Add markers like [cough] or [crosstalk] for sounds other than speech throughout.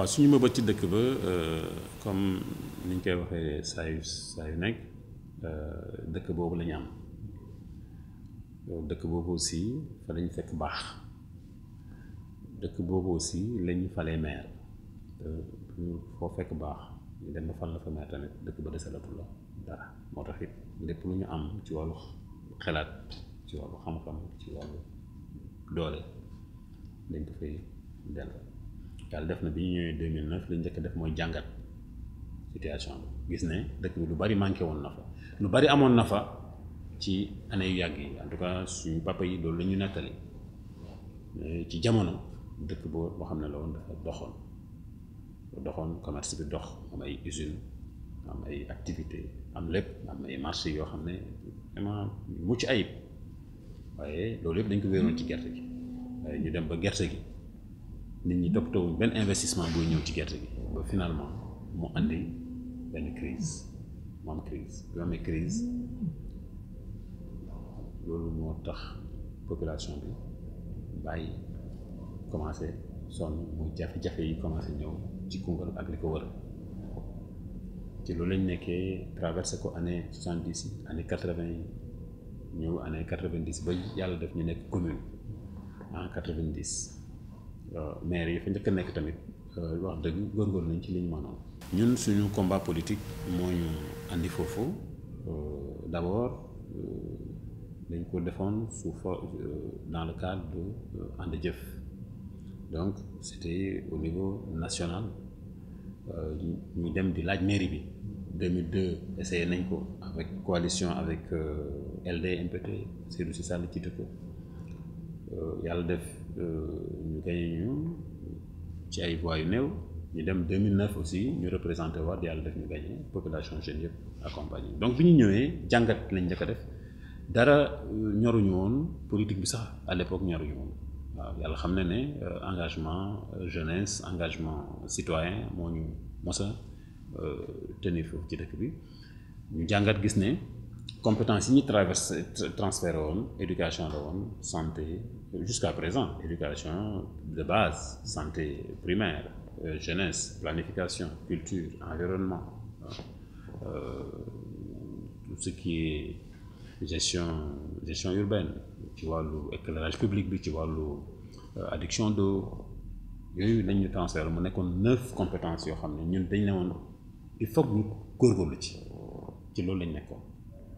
waaw suñu mëbët ci dëkk ba euh, comme ni ñu koy waxee saa yu saa yu nekk euh, dëkk boobu lañu am dëkk boobu aussi fa lañ fekk baax dëkk boobu aussi la ñu falee maire foo fekk baax ñu dem ba fal la fa maire tamit dëkk ba desalatu la dara moo tax it lépp lu ñu am ci wàllu xelaat ci wàllu xam-xam ci wàllu doole dañ defee fay yàlla def na bi ñu ñëwee 2009 li ñu njëkk def mooy jàngat situation bi gis ne dëkk bi lu bari manqué woon na fa lu bari amoon na fa ci année yu yàgg yi en tout cas suñu papa yi loolu la ñu nettali ci jamono dëkk boo boo xam ne la woon dafa doxoon doxoon commerce bi dox am ay usine am ay activité am lépp am ay marché yoo xam ne vraiment mucc ayib waaye loolu yëpp dañ ko wéeroon ci gerte gi waaye ñu dem ba gerte gi nit ñi toppatoo ben investissement booy ñëw ci gerte gi ba finalement mu andi ben crise mu am crise bu amee crise loolu moo tax population bi bàyyi commencé sonn muy jafe-jafe yi commencé ñëw ci Koungheul ak li ko wër ci loolu lañ nekkee traversé ko année 70 année 80 vingt ñëw année 90 vingt dix ba yàlla def ñu nekk commune ah en 90 euh, maire yi fa njëkk a nekk tamit euh, wax dëgg góorgóorlu nañ ci li ñu mënoon. ñun suñu combat politique moo ñu andi foofu euh, d' abord dañ ko defoon sous dans le cadre de ànd jëf donc c'était au niveau national ñu dem di laaj mairie bi. 2002 essayé nañ ko avec coalition avec LD MPT Seydou ça le ko yàlla def euh, ñu gañe ñu ci ay voix yu néew ñu dem 2009 aussi ñu représenter waat yàlla def ñu gagné population jeune yëpp accompagné donc bi ñu ñëwee jàngat lañ njëkk def dara euh, ñoruñu woon politique bi sax à l'époque ñoruñu woon waaw yàlla xam ne ne euh, engagement jeunesse engagement citoyen moo ñu mos a tenir foofu ci dëkk bi ñu jàngat gis ne compétences qui nous traversé éducation la santé jusqu'à présent éducation de base santé primaire euh, jeunesse planification culture environnement euh, tout ce qui est gestion gestion urbaine éclairage public euh, addiction vois, d'eau il y a eu mu nekkoon neuf compétences yoo xam eu ñun dañ il faut que nous góorgóorlu ci ci loolu lañ nekkoon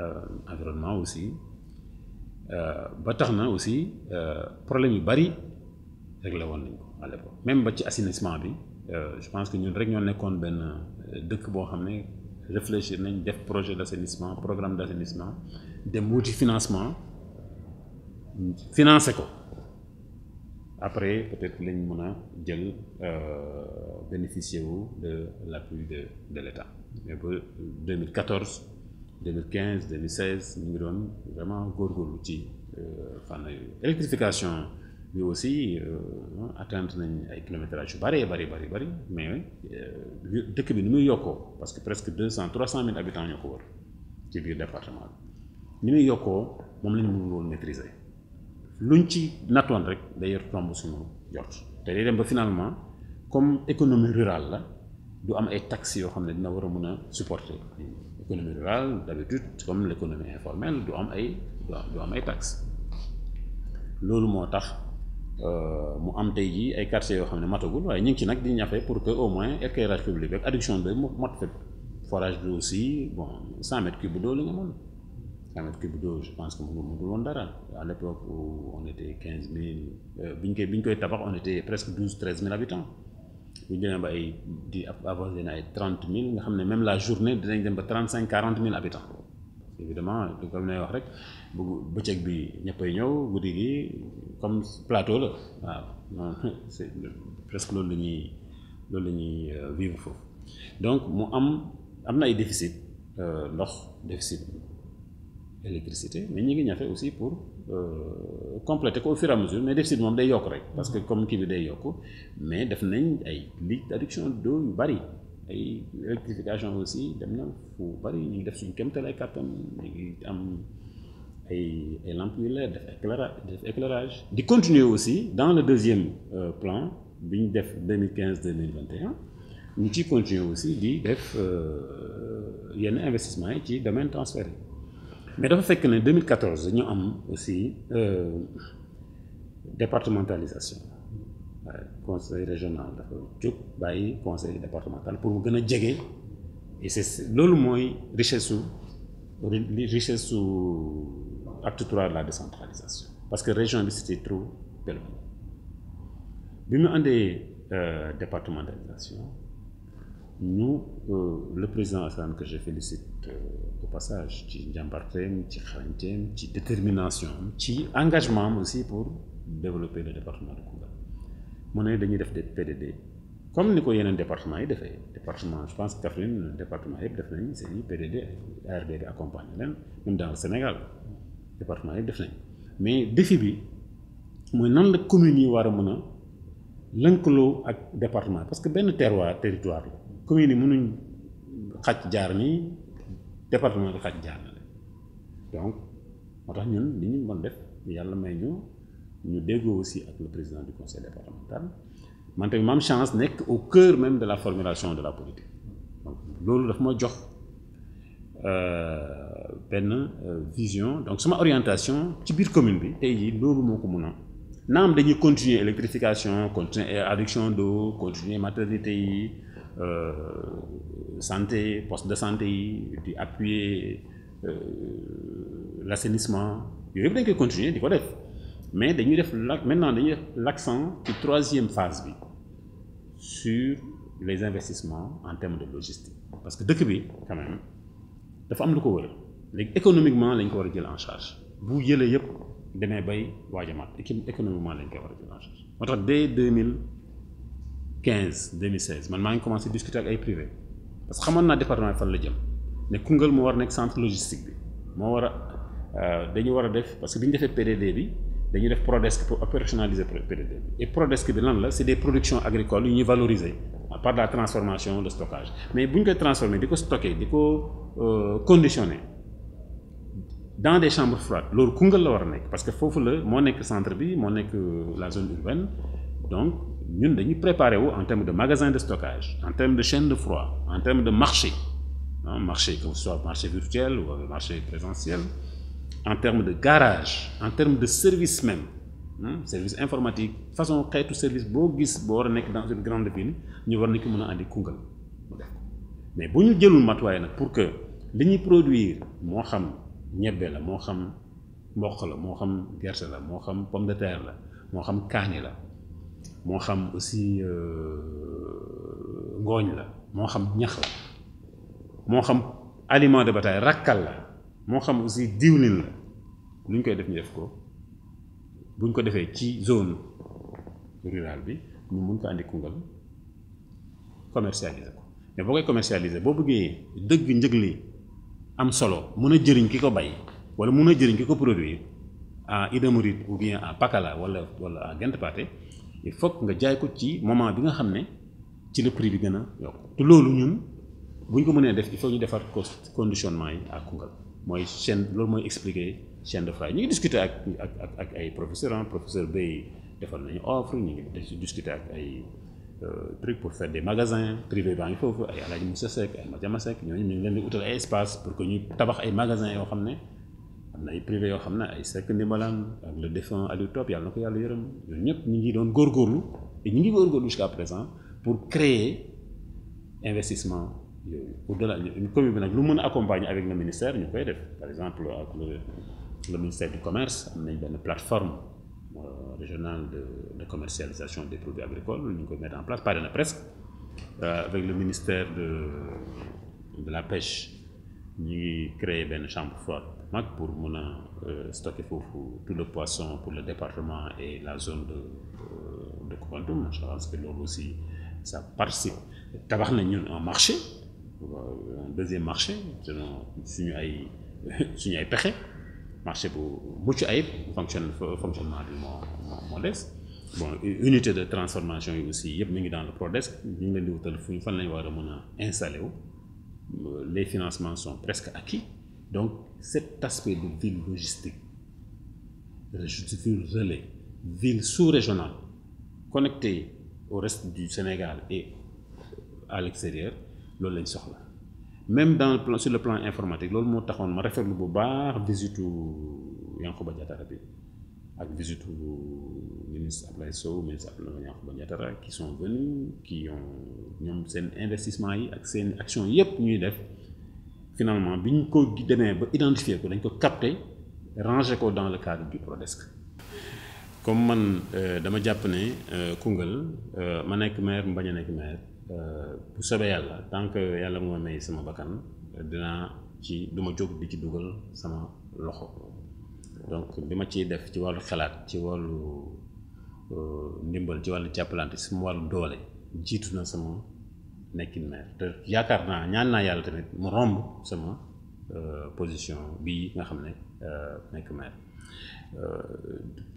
Euh, environnement aussi euh, ba tax na aussi euh, problème yu bari réglé woon nañ ko à l'époque même ba ci assainissement bi je pense que ñun rek ñoo nekkoon benn dëkk boo xam ne réfléchir nañ def projet d'assainissement programme d'assainissement dem wuti financement financer ko après peut-être lañ mën a jël bénéficier de l'appui de de l'État mais ba 2014 2015, 2016, nous vraiment gorgol outil. Enfin, euh, l'électrification, lui aussi, euh, atteint un kilométrage barré, barré, barré, barré. Mais dès que nous yoko, parce que presque 200, 300 000 habitants yoko, qui vivent le département, nous yoko, nous ne pouvons pas maîtriser. L'unchi, Natouan, d'ailleurs, tombe sur nous, pour C'est-à-dire que finalement, comme économie rurale, nous avons des taxes qui nous supporter. supportées économie rurale d'habitude comme l'économie informelle doit am ay du am ay taxes loolu moo tax euh, mu am tey jii ay quartiers yoo xam ne matagul waaye ci nag di ñafe pour que au moins éclairage public ak addiction bi mu mat fépp forage bi aussi bon cent mètres cubes d'eau li nga mën cent mètres cubes d'eau je pense que c'est mu dara à l'époque où on était quinze mille euh, koy tabax on était presque 12 treize mille habitants ñu dem 30 000 même la journée dinañ 35 40 000 habitants évidemment comme ne wax rek bu bëccëg bi ñëppay ñëw guddi gi comme plateau là, [laughs] presque ce que ñuy loolu euh, vivre donc mu am am na déficits, déficit euh, déficit électricité mais nous ngi fait aussi pour euh, complété au fur et à mesure mais déficit moom day yokk rek parce que comme kii bi day yokk mais def nañ ay ligue d'adduction d'eau yu bari ay électrification aussi dem na fu bari ñu def suñu kéemtal ay kàttan ñu ngi am ay ay lampes yu leer def éclairage def éclairage di continuer aussi dans le deuxième euh, plan bi ñu def 2015 2021 ñu ciy continuer aussi di def euh, yenn investissement yi ci domaine transfert mais dafa fekk ne 2014 nous am aussi euh, départementalisation du conseil régional dafa jóg bàyyi conseil départemental pour mu gën a et c'est loolu mooy richesse richesse su de la décentralisation parce que région bi c'était trop belle bi mu la euh, départementalisation nous euh, le président Assane que je félicite euh, au passage ci njàmbarteem un qui détermination am engagement aussi pour développer le département de Koumba. mu ne dañuy def des PDD comme nous ko un département yi département je pense que le département yëpp def nañ PDD RDD, accompagner accompagné même dans le Sénégal département yëpp def nañ mais défi bi mooy nan la commune, yi war a département parce que ben terroir territoire commune yi mënuñ xaj jaar nii département donc motax ñun li ñu mën def yalla may ñu ñu déggo aussi ak le président du conseil départemental man tamit ma chance nek au cœur même de la formulation de la politique donc loolu daf ma jox ben vision donc sama orientation ci biir commune bi tey jii loolu moo ko mun dañuy continuer électrification continuer adduction d'eau continuer maternité yi euh, santé poste de santé puis appuyer euh, l'assainissement, il y yëpp bien que continuer mais maintenant def maintenant d'ailleurs l'accent de troisième phase sur les investissements en termes de logistique parce que depuis, bi quand même il faut lu ko wër économiquement lañ ko en charge bu yëlee yëpp demee bay waaj a mat économiquement lañ économiquement war en charge entre dès 2000 2015 2016 man maa ngi commencé discuter ak ay privé parce que xamoon naa département fan la jëm ne Koungheul moo war nekk centre logistique bi moo war a euh, dañu war def parce que bi ñu defee PDD bi dañu def Prodesc pour opérationnaliser PDD bi et Prodesc bi lan la c'est des productions agricoles yu ñuy valoriser par la transformation de stockage mais bu ñu koy transformer di stocker di ko euh, conditionner dans des chambres froides loolu Koungheul la war a nekk parce que foofu la moo nekk centre bi moo nekk euh, la zone urbaine donc ñun dañuy préparer wu en termes de magasin de stockage en termes de chaîne de froid en termes de marché hein, marché que ce soit marché virtuel ou marché présentiel en termes de garage en termes de service même hein, service informatique façon xeetu service boo gis boo dans une grande ville nous war na nous mais si nous jëlul matuwaay pour que li ñuy produire moo xam ñebbe la moo xam mboq la moo xam gerte la moo xam pomme de terre la moo xam kaani la moo xam aussi euh, ngooñ la moo xam ñax la moo xam aliment de bétail rakkal la moo xam aussi diwlin la luñ koy def ñu def ko buñ ko defee ci zone rural bi ñu mun ko andi Koungheul commercialiser ko mais boo koy commercialiser boo bëggee dëgg njëg li am solo mun a jëriñ ki ko bay wala mun a jëriñ ki ko produire en Idda Mouride ou bien en Pakala wala wala en Gent Pathé il faut nga jaay ko ci moment bi nga xamné ci le prix bi gëna a yokk te loolu ñun buñ ko mëne def il faut ñu defar cost conditionnement yi ak Koungheul moy chaîne lolu moy expliquer chaîne de froid ñu ngi discuter ak ak ak ay professeur ah professeur bay defal nañu offre ñu ngi discuter ak ay euh truc pour faire des magasins privés baa ngi foofu ay Alaaji Moussa Seck ay Madiama Seck ñooñu ñu ngi leen di utal ay espace pour que ñu tabax ay magasins yo xamné nous na ay privé yoo xam ne ay sekk ndimbalaan ak le défunt Aliou Top yàlla na ko yàlla yërëm ñëpp ñu ngi doon góorgóorlu et ngi góorgóorlu jusqu'à présent pour créer investissement yooyu au-delà commune bi nag lu mën accompagner avec le ministère def par exemple le ministère du commerce am nañ une plateforme euh, régionale de commercialisation des produits agricoles ñu ngi koy mettre en place par na presque euh, avec le ministère de la pêche nous ngi créer benn chambre forte pour euh, stocker stocker tout le poisson pour le département et la zone de euh, de je pense que l'eau aussi ça participe nous na ñun un marché euh, un deuxième marché selon le marché y a pexe marché pour beaucoup fonctionnement bi modeste Une unité de transformation aussi il y dans le PRODES ñu le a les financements sont presque acquis donc, cet aspect de ville logistique, ville relais, ville sous-régionale, connectée au reste du Sénégal et à l'extérieur, loolu lañ soxla même dans le plan sur le plan informatique loolu moo réfère ma la bu baax visitu Yankhoba Diattara bi ak du ministre Ablaye Sow ministre Ablaye Yankhoba qui sont venus qui ont ñoom seen investissement yi ak action yépp ñuy def finalement bi ñu ko demee ba identifier ko dañ ko capter ranger ko dans le cadre du Prodesc comme man euh, dama jàpp ne euh, Koungheul euh, ma nekk maire mu bañ a nekk maire bu tant que yàlla moo may sama bakkan dinaa ci du ma jóg di ci dugal sama loxo donc bi ma ciy def ci wàllu xalaat ci wàllu ndimbal ci wàllu jàppalante sama wàllu doole jiitu na sama nekkin maire te yaakaar naa ñaan naa yàlla tamit mu romb sama euh, position bi nga xam ne euh, nekk maire euh,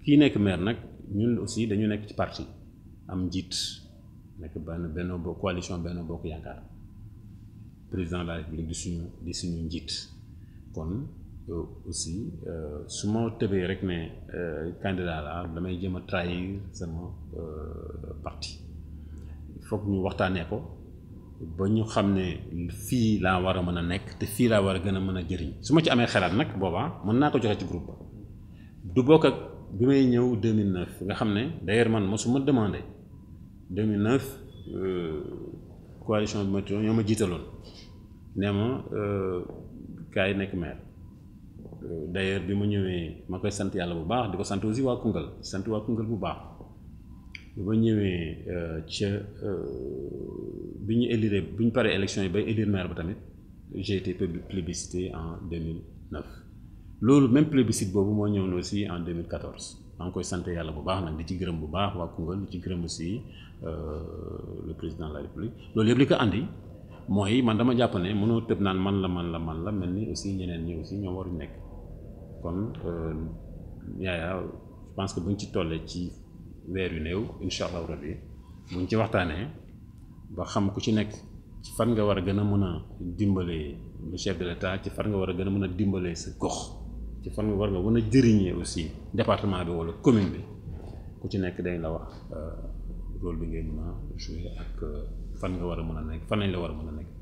kii nekk maire nag ñun aussi dañu nekk ci parti am njiit nekk benn benn bokk coalition benn bokk yaakaar président de la république di suñu di suñu njiit kon aussi su ma tëbee rek ne candidat la damay jëm a trahir sama parti il faut que ñu waxtaanee ko. ba ñu xam ne fii laa war a mën a nekk te fii laa war a gën a mën a jëriñ su ma ci amee xalaat nag boobaa mën naa ko joxe ci groupe ba du bokk ak bi may ñëw 2009 nga xam ne d'ailleurs man ma su mosuma demandé 2009 euh, coalition bi ma tudd ñoo ma jiitaloon nee ma kaay euh, nekk maire euh, d'ailleurs bi ma ñëwee ma koy sant yàlla bu baax di ko sant aussi waa Koungheul sant waa Koungheul bu baax. bi ma ñëwee euh, ca euh, bi ñu élire bi ñu paree élection yi bay élire maire ba tamit j'ai été plébiscité en 2009 loolu même plébiscite boobu moo ñëwoon aussi en 2014 maa ngi koy sant yàlla bu baax nag di ci gërëm bu baax waa Koungheul di ci gërëm aussi euh, le président de la république loolu yëpp li ko andi mooy man dama jàpp ne mënoo tëb naan man la man la man la mel ni aussi ñeneen ñi aussi ñoom waru nekk kon yaayaa je pense que buñ ci tollee ci. weer yu néew incha allahu rabbi buñ ci waxtaanee ba xam ku ci nekk ci fan nga war a gën a mën a dimbalee le chef de l'état ci fan nga war a gën a mën a dimbalee sa gox ci fan nga war nga mën a jëriñee aussi département bi wala commune bi ku ci nekk dañ la wax euh, rôle bi ngay mën a jouer ak euh, fan nga war a mën a nekk fan lañ la war a mën a nekk